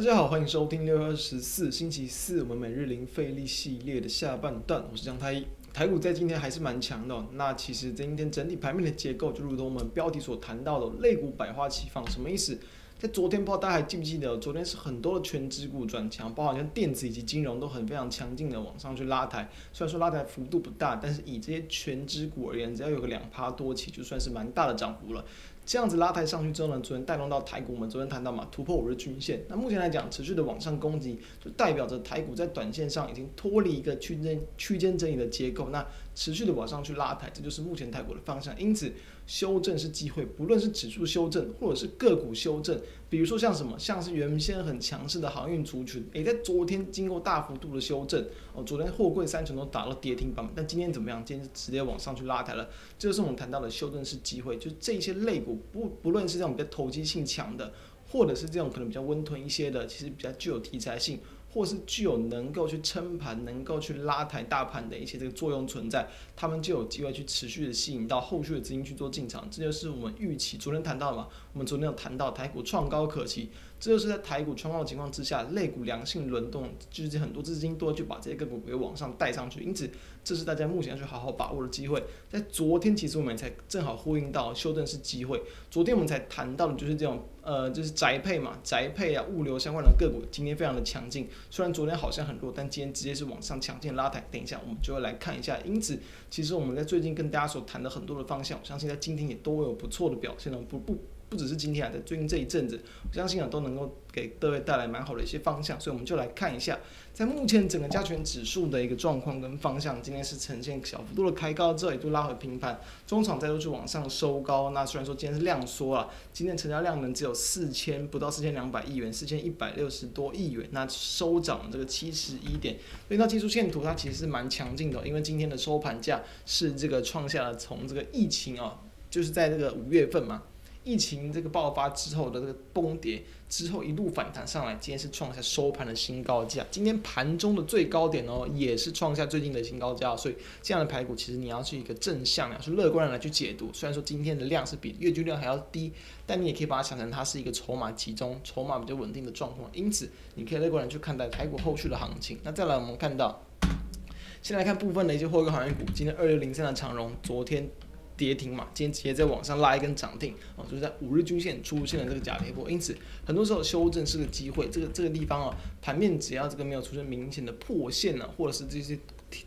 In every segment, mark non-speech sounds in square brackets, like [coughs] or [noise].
大家好，歡迎收聽六月二十四星期四，我們每日零費力系列的下半段，我是張太一。台股在今天還是蠻強的。那其實今天整體盤面的結構，就如同我們標題所談到的，類股百花齊放，什麼意思？在昨天，不知道大家還記不記得，昨天是很多的全職股轉強，包括像電子以及金融都很非常強勁的往上去拉抬。雖然說拉抬幅度不大，但是以這些全職股而言，只要有個兩趴多起，就算是蠻大的漲幅了。這樣子拉抬上去之後呢，昨天帶動到台股，我們昨天談到嘛，突破五日均線。那目前來講，持續的往上攻擊，就代表着台股在短線上已經脫離一個區間區間整理的結構。那持續的往上去拉抬，這就是目前台股的方向。因此，修正是機會，不論是指數修正或者是個股修正。比如說像什麼，像是原先很強勢的航運族群，誒，在昨天經過大幅度的修正，哦，昨天貨櫃三雄都打到跌停板，但今天怎麼樣？今天直接往上去拉抬了，就是我們談到的修正是機會。就是，這些類股，不不論是這種比較投機性強的，或者是這種可能比較溫吞一些的，其實比較具有題材性。或是具有能夠去撐盤、能夠去拉抬大盤的一些這個作用存在，他們就有機會去持續的吸引到後續的資金去做進場。這就是我們預期，昨天談到了嘛，我們昨天有談到台股創高可期。這就是在台股衝高的情況之下，類股良性輪動，就是很多資金都要去把這些個股給往上帶上去，因此這是大家目前要去好好把握的機會。在昨天，其實我們才正好呼應到修正是機會。昨天我們才談到的就是這種呃，就是宅配嘛，宅配啊，物流相關的個股今天非常的強勁。雖然昨天好像很弱，但今天直接是往上強勁拉抬。等一下我們就會來看一下。因此，其實我們在最近跟大家所談的很多的方向，我相信在今天也都有不錯的表現了。不不。不只是今天啊，在最近這一陣子，我相信啊都能夠給各位帶來蠻好的一些方向，所以我們就來看一下，在目前整個加權指數的一個狀況跟方向，今天是呈現小幅度的開高之後，也都拉回平盤，中場再度去往上收高。那雖然說今天是量縮了、啊，今天成交量能只有四千不到四千兩百億元，四千一百六十多億元，那收漲這個七十一點。所以呢技術線圖它其實是蠻強勁的、哦，因為今天的收盤價是這個創下了從這個疫情啊、哦，就是在這個五月份嘛。疫情這個爆發之後的這個崩跌之後，一路反彈上來，今天是創下收盤的新高價。今天盤中的最高點哦，也是創下最近的新高價。所以這樣的台股，其實你要是一個正向的，是樂觀的來去解讀。雖然說今天的量是比月均量還要低，但你也可以把它想成它是一個籌碼集中、籌碼比較穩定的狀況。因此，你可以樂觀人去看待台股後續的行情。那再來，我們看到，先來看部分的一些各個行業股。今天二六零三的長榮，昨天跌停嘛，今天直接再往上拉一根漲停啊，就是在五日均線出現了這個假跌破，因此很多時候修正是個機會。這個這個地方啊，盤面只要這個沒有出現明顯的破線呢，或者是這些。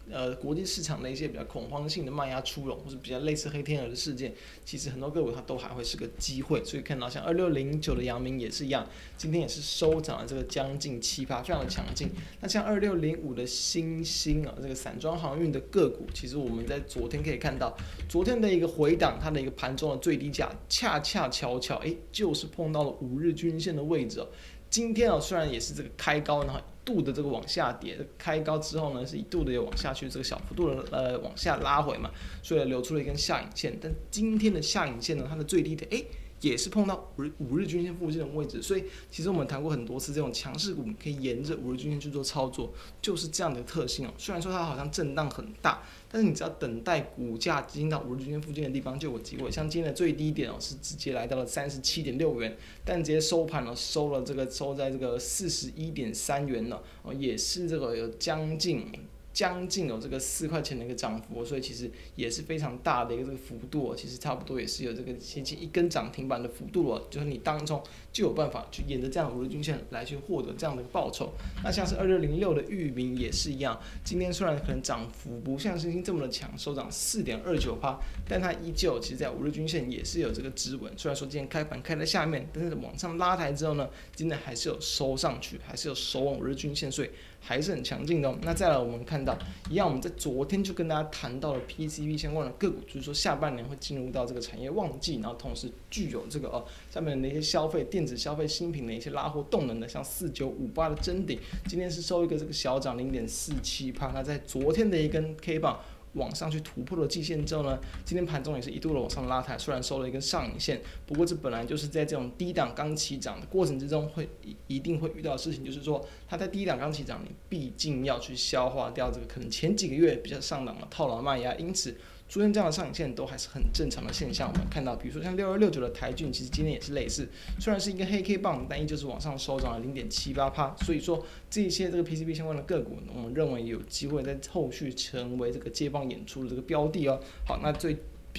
呃，國際市場的一些比較恐慌性的賣壓出籠，或是比較類似黑天鵝的事件，其實很多個股它都還會是個機會。所以看到像二六零九的陽明也是一樣，今天也是收漲了，這個將近七趴，非常的強勁。那像二六零五的新興啊，這個散裝航運的個股，其實我們在昨天可以看到，昨天的一個回檔，它的一個盤中的最低價，恰恰巧巧，誒，就是碰到了五日均線的位置哦。今天啊、哦，雖然也是這個開高，然後一度的這個往下跌，開高之後呢，是一度的又往下去，這個小幅度的呃往下拉回嘛，所以留出了一根下影線。但今天的下影線呢，它的最低點哎。也是碰到五日五日均線附近的位置，所以其實我們談過很多次，這種強勢股可以沿着五日均線去做操作，就是這樣的特性哦，雖然說它好像震盪很大，但是你只要等待股價接近到五日均線附近的地方就有機會。像今天的最低點哦，是直接來到了三十七點六元，但直接收盤了，收了這個收在這個四十一點三元了哦，也是這個有將近。將近有這個四塊錢的一個漲幅，哦，所以其實也是非常大的一個這個幅度，哦，其實差不多也是有這個接近一根漲停板的幅度哦。就是你當中就有辦法去沿着這樣的五日均線來去獲得這樣的報酬。那像是二六零六的裕民也是一樣，今天雖然可能漲幅不像星星這麼的強，收漲四點二九趴，但它依舊其實，在五日均線也是有這個支穩。雖然說今天開盤開在下面，但是往上拉抬之後呢，今天還是有收上去，還是有收往五日均線，所以還是很強勁的，哦。那再來我們看。一樣，我們在昨天就跟大家談到了 PCB 相關的個股，就是說下半年會進入到這個產業旺季，然後同時具有這個哦下面的一些消費電子消費新品的一些拉貨動能的，像四九五八的臻鼎，今天是收一個這個小漲零點四七趴，那在昨天的一根 K 棒。往上去突破了季線之後呢，今天盤中也是一度的往上拉抬，雖然收了一根上影線，不過這本來就是在這種低檔剛起漲的過程之中會，會一一定會遇到的事情，就是說它在低檔剛起漲，你畢竟要去消化掉這個可能前幾個月比較上檔的套牢賣壓，因此。出現這樣的上影線都還是很正常的現象。我們看到，比如說像六二六九的台郡，其實今天也是類似，雖然是一個黑 K 棒，但依舊是往上收漲了零點七八趴。所以說，這些這個 PCB 相關的個股呢，我們認為有機會在後續成為這個接棒演出的這個標的哦、喔。好，那最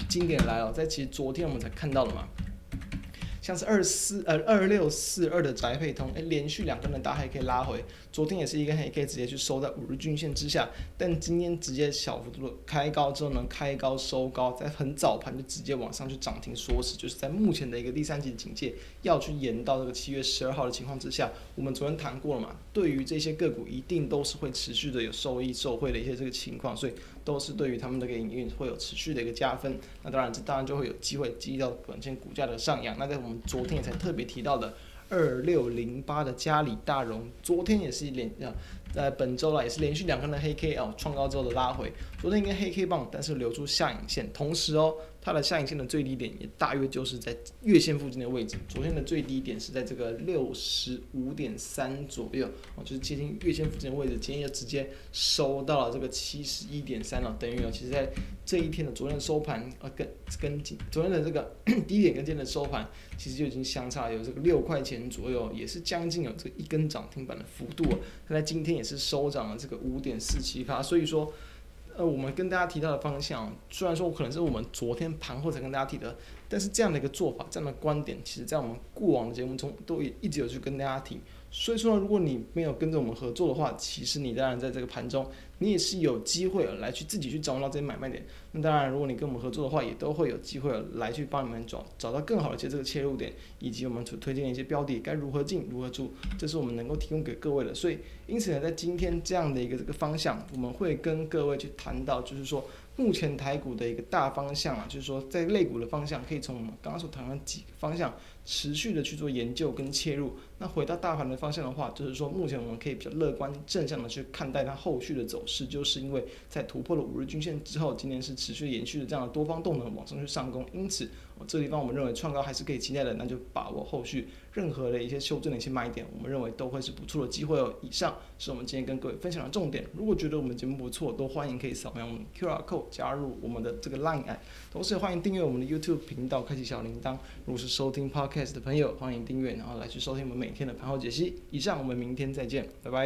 經典來了，在其實昨天我們才看到的嘛。像是二四呃、二六四二的宅配通，欸、連續兩根的大黑可以拉回，昨天也是一根，也可以直接去收在五日均線之下，但今天直接小幅度開高之後呢，開高收高，在很早盤就直接往上去漲停鎖死。就是在目前的一個第三級警戒要去延到這個七月十二號的情況之下，我們昨天談過了嘛，對於這些個股一定都是會持續的有收益受惠的一些這個情況，所以。都是對於他們這個營運會有持續的一個加分，那當然這當然就會有機會激勵到短線股價的上揚。那在我們昨天也才特別提到的二六零八的嘉里大榮，昨天也是一連在本周了也是連續兩根的黑 K 啊創高之後的拉回，昨天一根黑 K 棒，但是留出下影線，同時哦，它的下影線的最低點也大約就是在月線附近的位置，昨天的最低點是在這個六十五點三左右就是接近月線附近的位置，今天就直接收到了這個七十一點三了，等於哦，其實在這一天的昨天的收盤啊跟跟今昨天的這個 [coughs] 低點跟今天的收盤其實就已經相差有這個六塊錢左右，也是將近有這一根漲停板的幅度那在今天也。是收漲了這個五點四七八，所以說，呃，我們跟大家提到的方向，雖然說可能是我們昨天盤後才跟大家提的，但是這樣的一個做法，這樣的觀點，其實在我們過往的節目中都也一直有去跟大家提。所以說如果你沒有跟着我們合作的話，其實你當然在這個盤中。你也是有機會來去自己去掌握到這些買賣點。那當然，如果你跟我們合作的話，也都會有機會來去幫你們找找到更好的一些這個切入點，以及我們所推薦的一些標的該如何進、如何出，這是我們能夠提供給各位的。所以，因此呢，在今天這樣的一個這個方向，我們會跟各位去談到，就是說目前台股的一個大方向啊，就是說在類股的方向，可以從我們剛剛所談的幾個方向持續的去做研究跟切入。那回到大盤的方向的話，就是說目前我們可以比較樂觀、正向的去看待它後續的走。是，就是因為在突破了五日均線之後，今天是持續延續的這樣的多方動能往上去上攻，因此，哦、這個、地方我們認為創高還是可以期待的，那就把握後續任何的一些修正的一些買點，我們認為都會是不錯的機會哦。以上是我們今天跟各位分享的重點，如果覺得我們節目不錯，都歡迎可以掃描我們的 QR code 加入我們的這個 LINE，哎，同時歡迎訂閱我們的 YouTube 頻道，開啟小鈴鐺。如果是收聽 Podcast 的朋友，歡迎訂閱，然後來去收聽我們每天的盤後解析。以上，我們明天再見，拜拜。